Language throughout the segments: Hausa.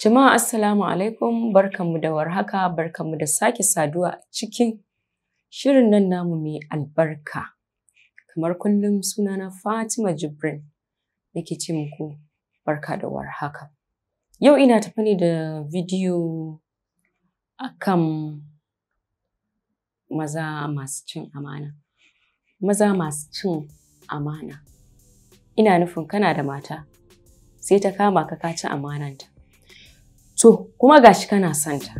Jama'a Assalamu alaikum barkanmu da warhaka barkanmu da sake saduwa a cikin shirin nan namu mai albarka. Kamar kullum sunana Fatima Jibrin nake ce muku barka da warhaka. Yau ina tafi ne da bidiyo akan maza masu cin amana. Maza masu cin amana. Ina nufin kana da mata sai ta kama ka kaci amananta. So, kuma gashi kana santa.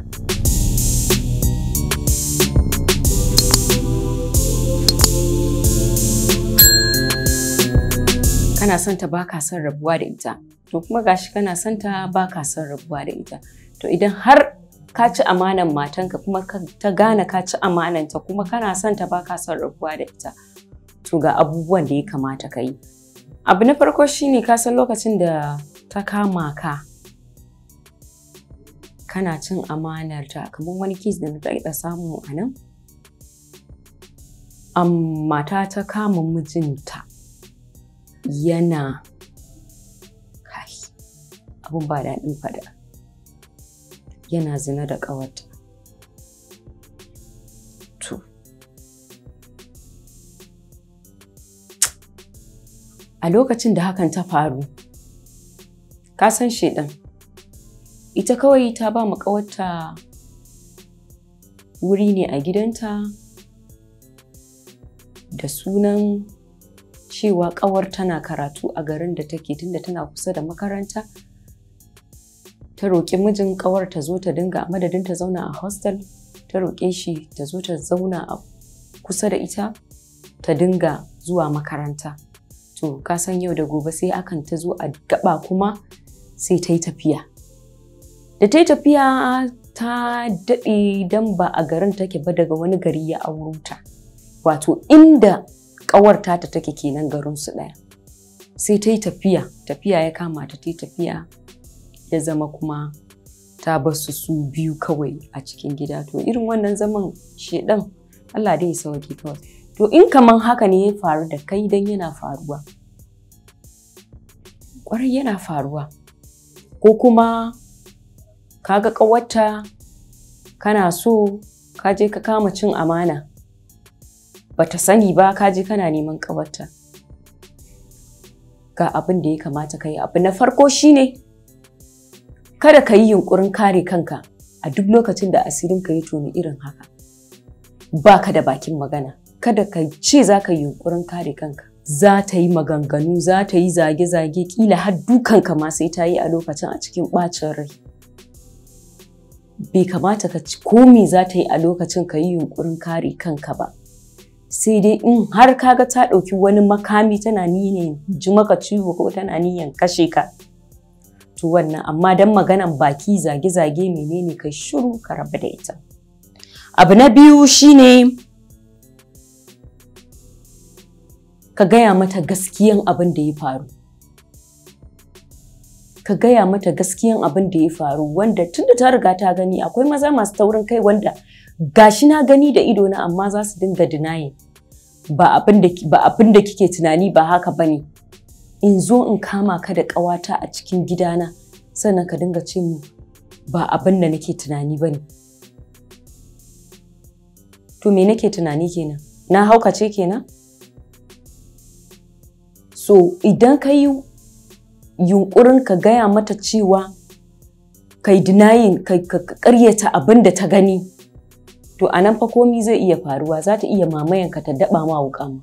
Kana santa ba ka son rabuwa da ita. To kuma gashi kana santa ba ka son rabuwa da ita. To idan har ka ci amanan matanka kuma ta gane ka ci amananta kuma kana santa ba ka son rabuwa da ita. To ga abubuwan da ya kamata ka yi. Abu na farko shine ka san lokacin da ta kama ka kana cin amanar ta kamar wani kis da na samu a nan mata ta kama mijinta yana abun ba daɗin fada yana zina da ƙawarta a lokacin da hakan ta faru ka san ɗan ita kawai ta ba mu ƙawarta wuri ne a gidanta da sunan cewa ƙawar tana karatu a garin da take tunda tana kusa da makaranta ta roƙi mijin ƙawar ta zo ta dinga madadin ta zauna a hostel ta roƙe shi ta zo ta zauna a kusa da ita ta dinga zuwa makaranta to ka san yau da gobe sai akan ta zo a gaba kuma sai ta yi tafiya da ta yi tafiya ta daɗe don ba a garin take ba daga wani gari ya auro ta wato inda ƙawar ta take kenan garin su ɗaya sai ta yi tafiya tafiya ya kama ta ta yi tafiya ya zama kuma ta basu su su biyu kawai a cikin gida to irin wannan zaman shedan Allah dai ya sauke kawai to in kaman haka ne ya faru da kai dan yana faruwa kwarai yana faruwa ko kuma kaga ga ƙawarta kana so ka je ka kama cin amana bata sani ba kaje kana neman ƙawarta ga abin da ya kamata kayi. abu na farko shine kada ka yi yunkurin kare kanka a duk lokacin da asirin ka ya toni irin haka ba ka da bakin magana kada ka ce za ka yi yunkurin kare kanka za ta yi maganganu za ta yi zage-zage kila har dukanka ma sai ta yi a lokacin a cikin ɓacin rai bai kamata ka komi za ta yi a lokacin ka yi yunkurin kare kanka ba sai dai in har kaga ta ɗauki wani makami tana niyan ji maka ciwo ko tana niyan kashe ka to wannan amma dan maganan baki zage-zage menene kai shiru ka rabu da ita abu na biyu shine ka gaya mata gaskiyan abin da ya faru ka gaya mata gaskiyan abin da ya faru wanda tunda ta riga ta gani akwai maza masu taurin kai wanda gashi na gani da ido na amma za su dinga dinaye ba abin da kike tunani ba haka bane in zo in kama ka da ƙawata a cikin gidana sannan ka dinga ce mu ba abin da nake tunani bane to me nake tunani kenan na haukace kenan so idan ka yi yunkurin ka gaya mata cewa kai dinayin ka karyata abin da ta gani to a nan fa komi zai iya faruwa za ta iya mamayanka ta daba ma wuka ma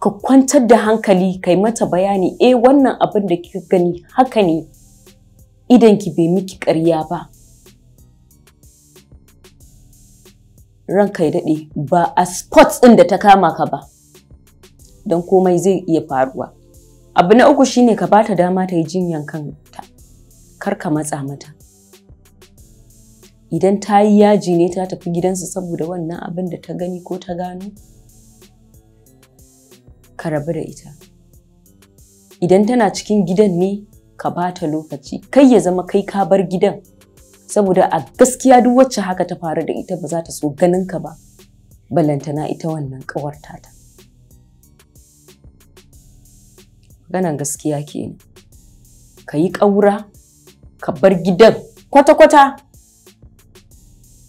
ka kwantar da hankali kai mata bayani eh wannan abin da kika gani haka ne idan ki bai miki ƙarya ba ranka ya daɗe ba a spots ɗin da ta kama ka ba don komai zai iya faruwa abu na uku shine ka bata dama ta yi jinyan kanta kar ka matsa mata idan ta yi yaji ne ta tafi gidansu saboda wannan abin da ta gani ko ta gano ka rabu da ita idan tana cikin gidan ne ka bata lokaci kai ya zama kai ka bar gidan saboda a gaskiya duk wacce haka ta faru da ita ba za ta so ganin ka ba balantana ita wannan ƙawarta ta Ganan gaskiya kenan. Ka yi ƙaura, ka bar gidan kwata-kwata.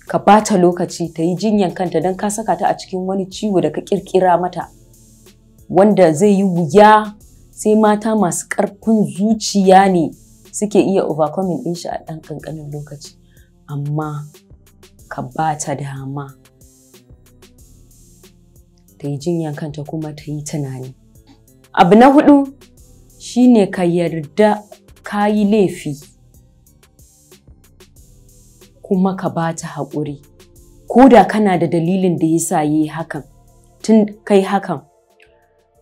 Ka ba ta lokaci ta yi jinyan kanta don ka saka ta a cikin wani ciwo da ka ƙirƙira mata. Wanda zai yi wuya sai mata masu ƙarfin zuciya ne suke iya overcoming ɗin shi a ɗan ƙanƙanin lokaci. Amma ka ba ta dama. ta yi jinyan kanta kuma ta yi tunani. Abu na hudu shine ka yarda ka yi laifi kuma ka ba ta haƙuri ko da kana da dalilin da ya sa yi hakan tun kai hakan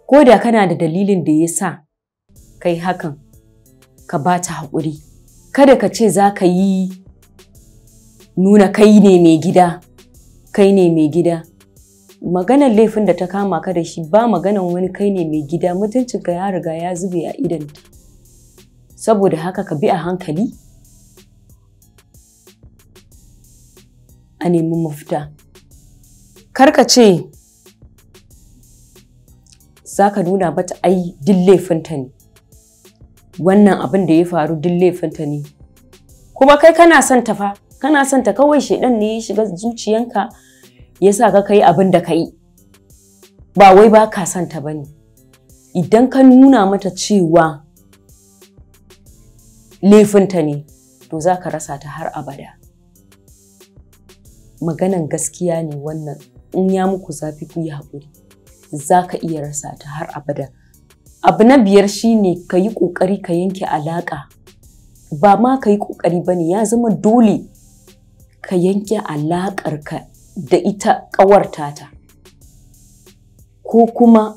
ko da kana da dalilin da ya sa kai hakan ka ba ta haƙuri kada ka ce za ka yi nuna kai ne mai gida kai ne mai gida maganar laifin da ta kama ka da shi ba maganar wani kai ne mai gida mutuncinka ya riga ya zube a idanta saboda haka ka bi a hankali a nemi mafita karka ce za ka nuna ta ai duk laifinta ne wannan abin da ya faru duk laifinta ne kuma kai kana son ta fa kana son ta kawai shaidan ne ya shiga zuciyanka yasa ka kai abin da ka yi ba wai ba ka son ta bane idan ka nuna mata cewa laifinta ne to zaka rasa ta har abada maganan gaskiya ne wannan in ya muku zafi ku yi haƙuri za ka iya rasa ta har abada abu na biyar shine ka yi ƙoƙari ka yanke alaƙa ba ma ka yi ƙoƙari ba ya zama dole ka yanke ka. da ita ƙawarta ta ko kuma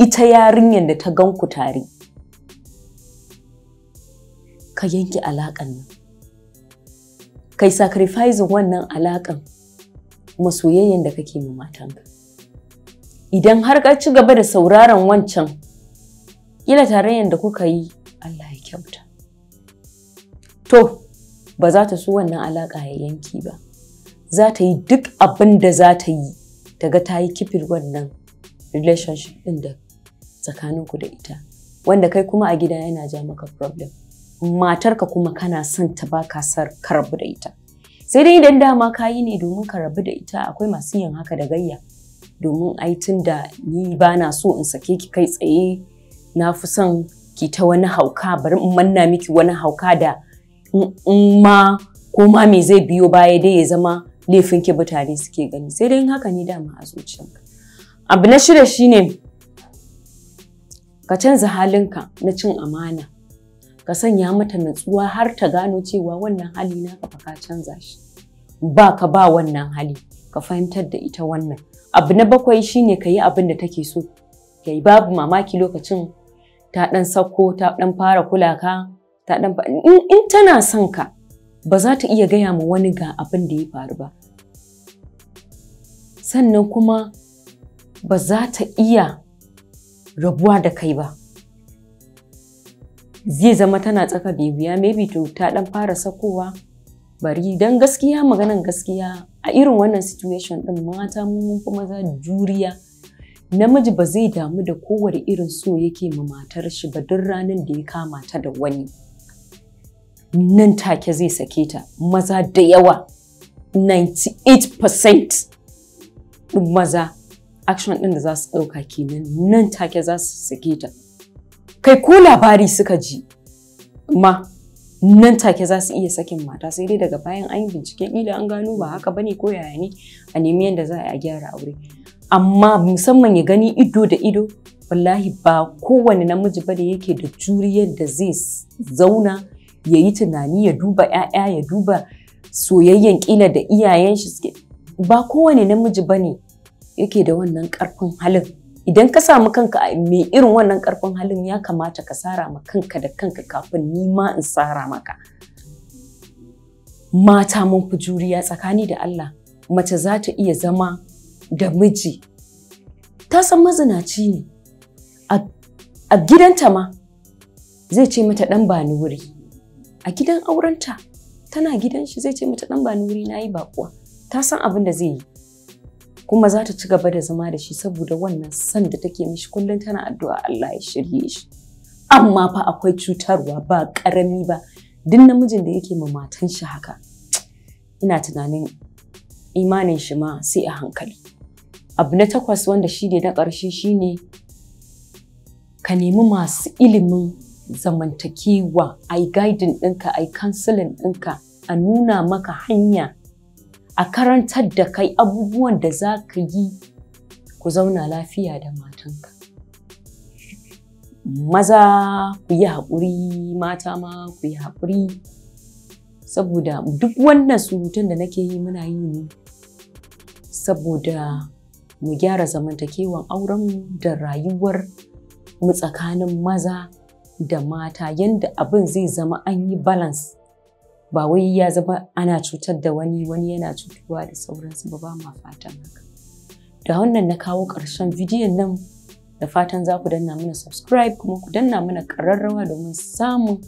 ita yarinyar da ta ganku tare ka yanke alaƙan nan kai sacrifice wannan alaƙan masoyayyen da kake ma matanka idan har ka ci gaba da sauraron wancan ƙila tarayyar da kuka yi Allah ya kyauta to ba za ta so wannan alaƙa ya yanki ba za ta yi duk abin da za ta yi daga ta yi kifin wannan relationship ɗin da tsakaninku da ita wanda kai kuma a gida yana ja maka problem matarka kuma kana son ta baka sar ka rabu da ita sai dai idan dama ka yi ne domin ka rabu da ita akwai masu yin haka da gayya domin ai tun da ni ba na so in sake ki kai tsaye na fi son ki ta wani hauka bari in manna miki wani hauka da in ma ko ma me zai biyo baya dai ya zama laifin ki mutane suke gani sai dai haka ne dama a ka. abu na shida shine ka canza halinka na cin amana ka sanya mata natsuwa har ta gano cewa wannan hali na ka ka canza shi ba ka ba wannan hali ka fahimtar da ita wannan abu na bakwai shine ka yi abin da take so ka yi babu mamaki lokacin ta dan sako ta dan fara kula ka ta dan in tana son ka ba za ta iya gaya ma wani ga abin da ya faru ba sannan kuma ba za ta iya rabuwa da kai ba zai zama tana tsaka bibiya maybe to ta dan fara sakowa bari don gaskiya maganan gaskiya a irin wannan situation din mata mun kuma za juriya namiji ba zai damu da kowane irin so yake ma matar shi ba duk ranar da ya kama ta da wani nan take zai sake ta maza da yawa 98% ɗin maza action ɗin da za su ɗauka kenan nan take za su sake ta kai ko labari suka ji ma nan take za su iya sakin mata sai dai daga bayan an yi binciken ila an gano ba haka bane ko yaya ne a nemi yadda za a gyara aure amma musamman ya gani ido da ido wallahi ba kowane namiji ba da yake da juriyar da zai zauna ya yi tunani ya duba 'ya'ya ya duba soyayyen kila da iyayen shi suke ba kowane namiji ba ne yake da wannan karfin halin idan ka samu kanka mai irin wannan karfin halin ya kamata ka sara ma kanka da kanka kafin ni ma in sara maka mata mun fi juriya tsakani da Allah mace za ta iya zama da miji ta san mazinaci ne a gidanta ma zai ce mata dan ba ni wuri a gidan aurenta tana gidan shi zai ce mata dan ba nuri na yi bakuwa ta san abin da zai yi kuma za ta ci gaba da zama da shi saboda wannan san da take mishi kullum tana addu'a Allah ya shirye shi amma fa akwai cutarwa ba karami ba duk namijin da yake ma matan shi haka ina tunanin imanin shi ma sai a hankali abu na takwas wanda shi ne na ƙarshe shine ka nemi masu ilimin zamantakewa ai guiding ɗinka ai counseling ɗinka a nuna maka hanya a karantar da kai abubuwan da za ka yi ku zauna lafiya da matanka maza ku yi haƙuri mata ma ku yi haƙuri saboda duk wannan surutun da nake yi muna yi ne saboda mu gyara zamantakewan aurenmu da rayuwar mu tsakanin maza da mata yadda abin zai zama an yi balance ba wai ya zama ana cutar da wani wani yana cutuwa da sauransu ba ba ma fatan haka da wannan na kawo ƙarshen bidiyon nan da fatan za ku danna mana subscribe kuma ku danna mana ƙararrawa domin samun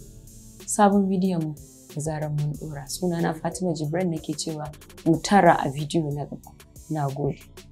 sabon bidiyon mu da zarar mun Suna na fatima jibran nake cewa mu tara a bidiyo na gaba na gode